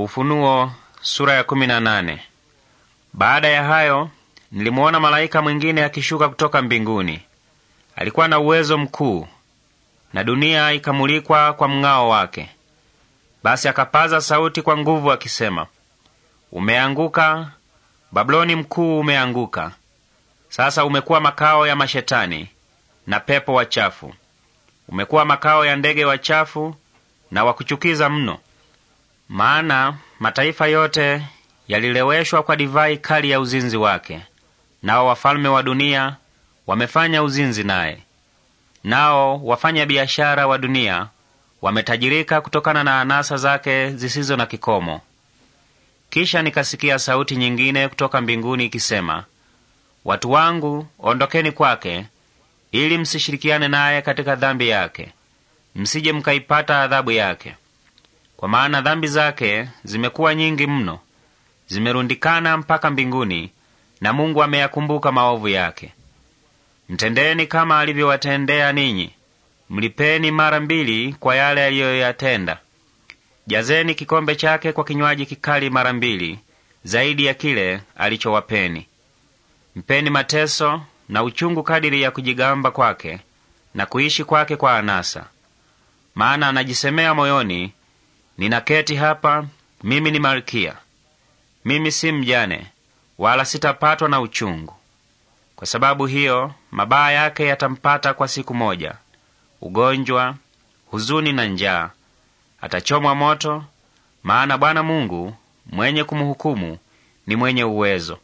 Ufunuo sura ya kumi na nane. Baada ya hayo nilimuona malaika mwingine akishuka kutoka mbinguni. Alikuwa na uwezo mkuu, na dunia ikamulikwa kwa mng'ao wake. Basi akapaza sauti kwa nguvu akisema, umeanguka Babuloni mkuu, umeanguka! Sasa umekuwa makao ya mashetani na pepo wachafu, umekuwa makao ya ndege wachafu na wakuchukiza mno maana mataifa yote yalileweshwa kwa divai kali ya uzinzi wake, nao wafalme wa dunia wamefanya uzinzi naye, nao wafanya biashara wa dunia wametajirika kutokana na anasa zake zisizo na kikomo. Kisha nikasikia sauti nyingine kutoka mbinguni ikisema, watu wangu, ondokeni kwake, ili msishirikiane naye katika dhambi yake, msije mkaipata adhabu yake kwa maana dhambi zake zimekuwa nyingi mno, zimerundikana mpaka mbinguni, na Mungu ameyakumbuka maovu yake. Mtendeni kama alivyowatendea ninyi, mlipeni mara mbili kwa yale aliyoyatenda. Jazeni kikombe chake kwa kinywaji kikali mara mbili zaidi ya kile alichowapeni. Mpeni mateso na uchungu kadiri ya kujigamba kwake na kuishi kwake kwa anasa, maana anajisemea moyoni, ninaketi hapa, mimi ni malkia, mimi si mjane, wala sitapatwa na uchungu. Kwa sababu hiyo, mabaya yake yatampata kwa siku moja: ugonjwa, huzuni na njaa. Atachomwa moto, maana Bwana Mungu mwenye kumhukumu ni mwenye uwezo.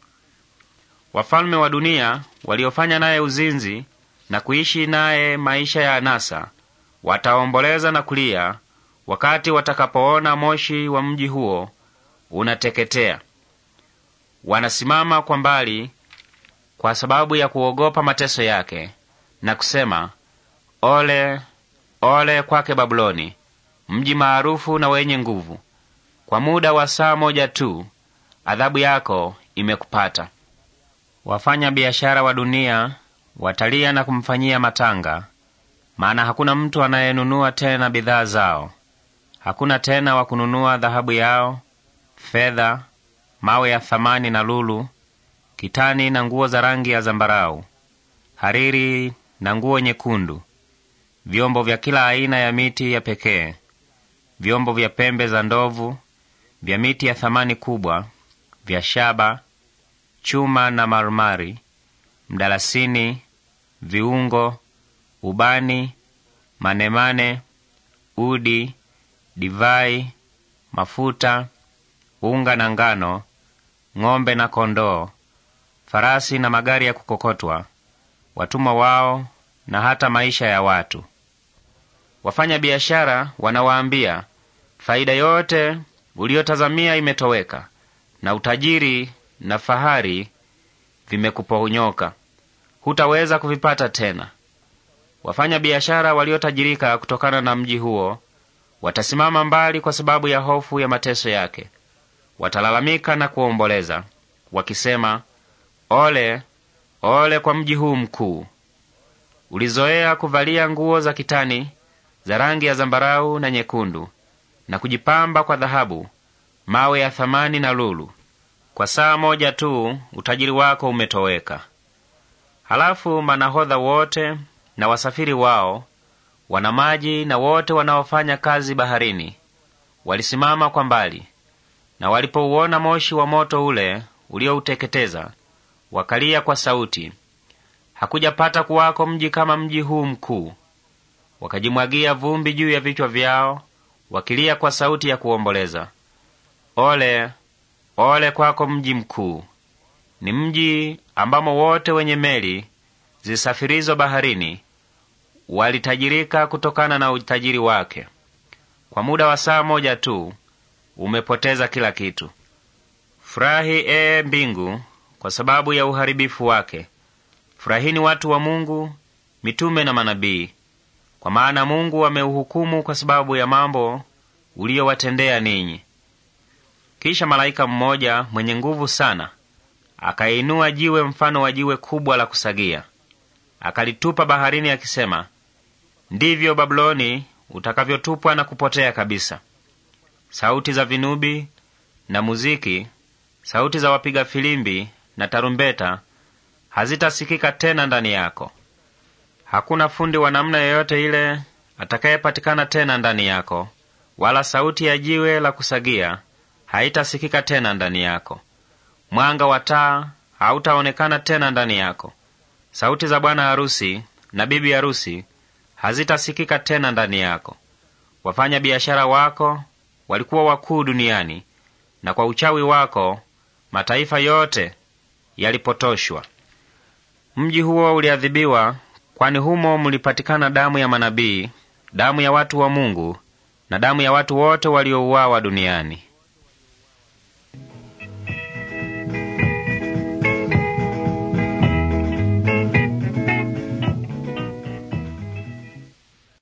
Wafalme wa dunia waliofanya naye uzinzi na kuishi naye maisha ya anasa wataomboleza na kulia wakati watakapoona moshi wa mji huo unateketea. Wanasimama kwa mbali kwa sababu ya kuogopa mateso yake na kusema, ole ole kwake Babuloni, mji maarufu na wenye nguvu! Kwa muda wa saa moja tu adhabu yako imekupata. Wafanya biashara wa dunia watalia na kumfanyia matanga, maana hakuna mtu anayenunua tena bidhaa zao. Hakuna tena wa kununua dhahabu yao, fedha, mawe ya thamani na lulu, kitani na nguo za rangi ya zambarau, hariri na nguo nyekundu, vyombo vya kila aina ya miti ya pekee, vyombo vya pembe za ndovu, vya miti ya thamani kubwa, vya shaba, chuma na marumari, mdalasini, viungo, ubani, manemane, udi divai, mafuta, unga na ngano, ng'ombe na kondoo, farasi na magari ya kukokotwa, watumwa wao na hata maisha ya watu. Wafanya biashara wanawaambia, faida yote uliyotazamia imetoweka, na utajiri na fahari vimekuponyoka, hutaweza kuvipata tena. Wafanya biashara waliotajirika kutokana na mji huo Watasimama mbali kwa sababu ya hofu ya mateso yake, watalalamika na kuomboleza wakisema, ole ole kwa mji huu mkuu! Ulizoea kuvalia nguo za kitani za rangi ya zambarau na nyekundu, na kujipamba kwa dhahabu, mawe ya thamani na lulu. Kwa saa moja tu utajiri wako umetoweka. Halafu manahodha wote na wasafiri wao wanamaji na wote wanaofanya kazi baharini walisimama kwa mbali, na walipouona moshi wa moto ule uliouteketeza, wakalia kwa sauti, hakujapata kuwako mji kama mji huu mkuu. Wakajimwagia vumbi juu ya vichwa vyao, wakilia kwa sauti ya kuomboleza, ole ole kwako mji mkuu! Ni mji ambamo wote wenye meli zisafirizo baharini walitajirika kutokana na utajiri wake. Kwa muda wa saa moja tu umepoteza kila kitu. Furahi ee mbingu, kwa sababu ya uharibifu wake. Furahini watu wa Mungu, mitume na manabii, kwa maana Mungu ameuhukumu kwa sababu ya mambo uliyowatendea ninyi. Kisha malaika mmoja mwenye nguvu sana akainua jiwe mfano wa jiwe kubwa la kusagia, akalitupa baharini, akisema, ndivyo Babuloni utakavyotupwa na kupotea kabisa. Sauti za vinubi na muziki, sauti za wapiga filimbi na tarumbeta hazitasikika tena ndani yako. Hakuna fundi wa namna yoyote ile atakayepatikana tena ndani yako, wala sauti ya jiwe la kusagia haitasikika tena ndani yako. Mwanga wa taa hautaonekana tena ndani yako. Sauti za bwana harusi na bibi harusi hazitasikika tena ndani yako. Wafanya biashara wako walikuwa wakuu duniani, na kwa uchawi wako mataifa yote yalipotoshwa. Mji huo uliadhibiwa, kwani humo mlipatikana damu ya manabii, damu ya watu wa Mungu na damu ya watu wote waliouawa duniani.